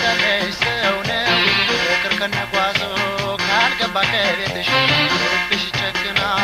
የመሰለሽ ሰው ነው ፍቅር ከነጓዞ ካልገባ ከቤትሽ ልብሽ ይጨክናል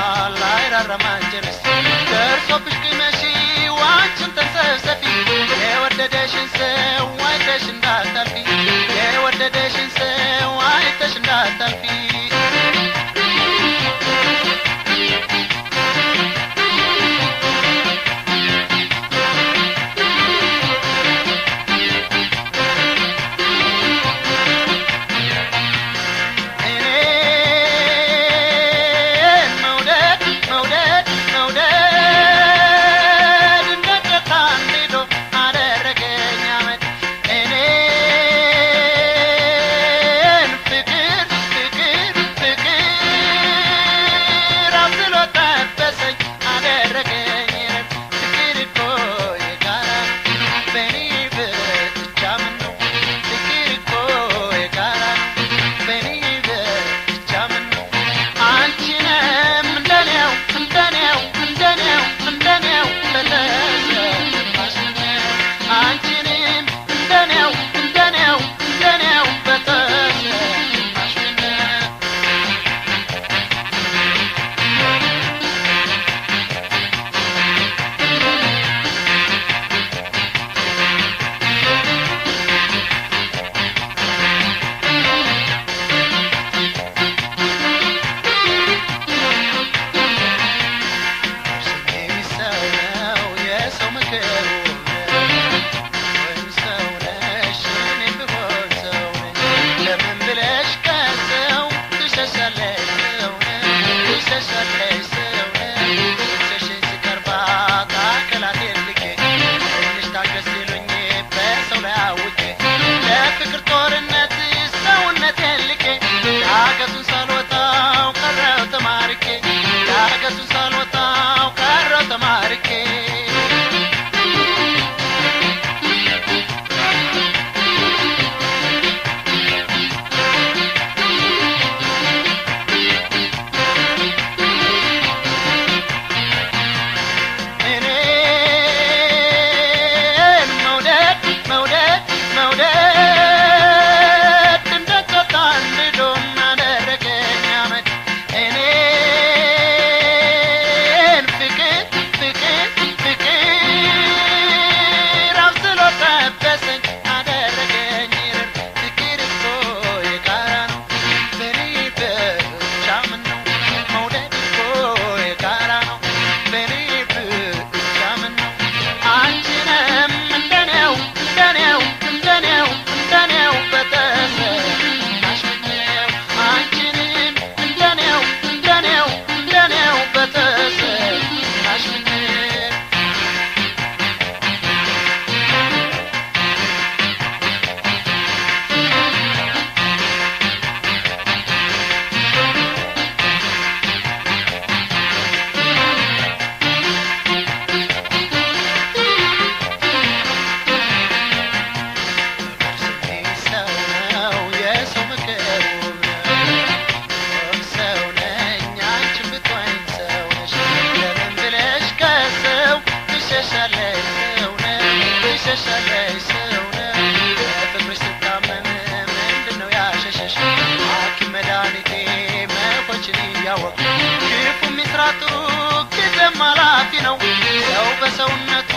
በሰውነቱ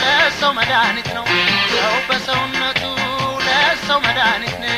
ለሰው መድኃኒት ነው ሰው በሰውነቱ ለሰው መድኃኒት ነው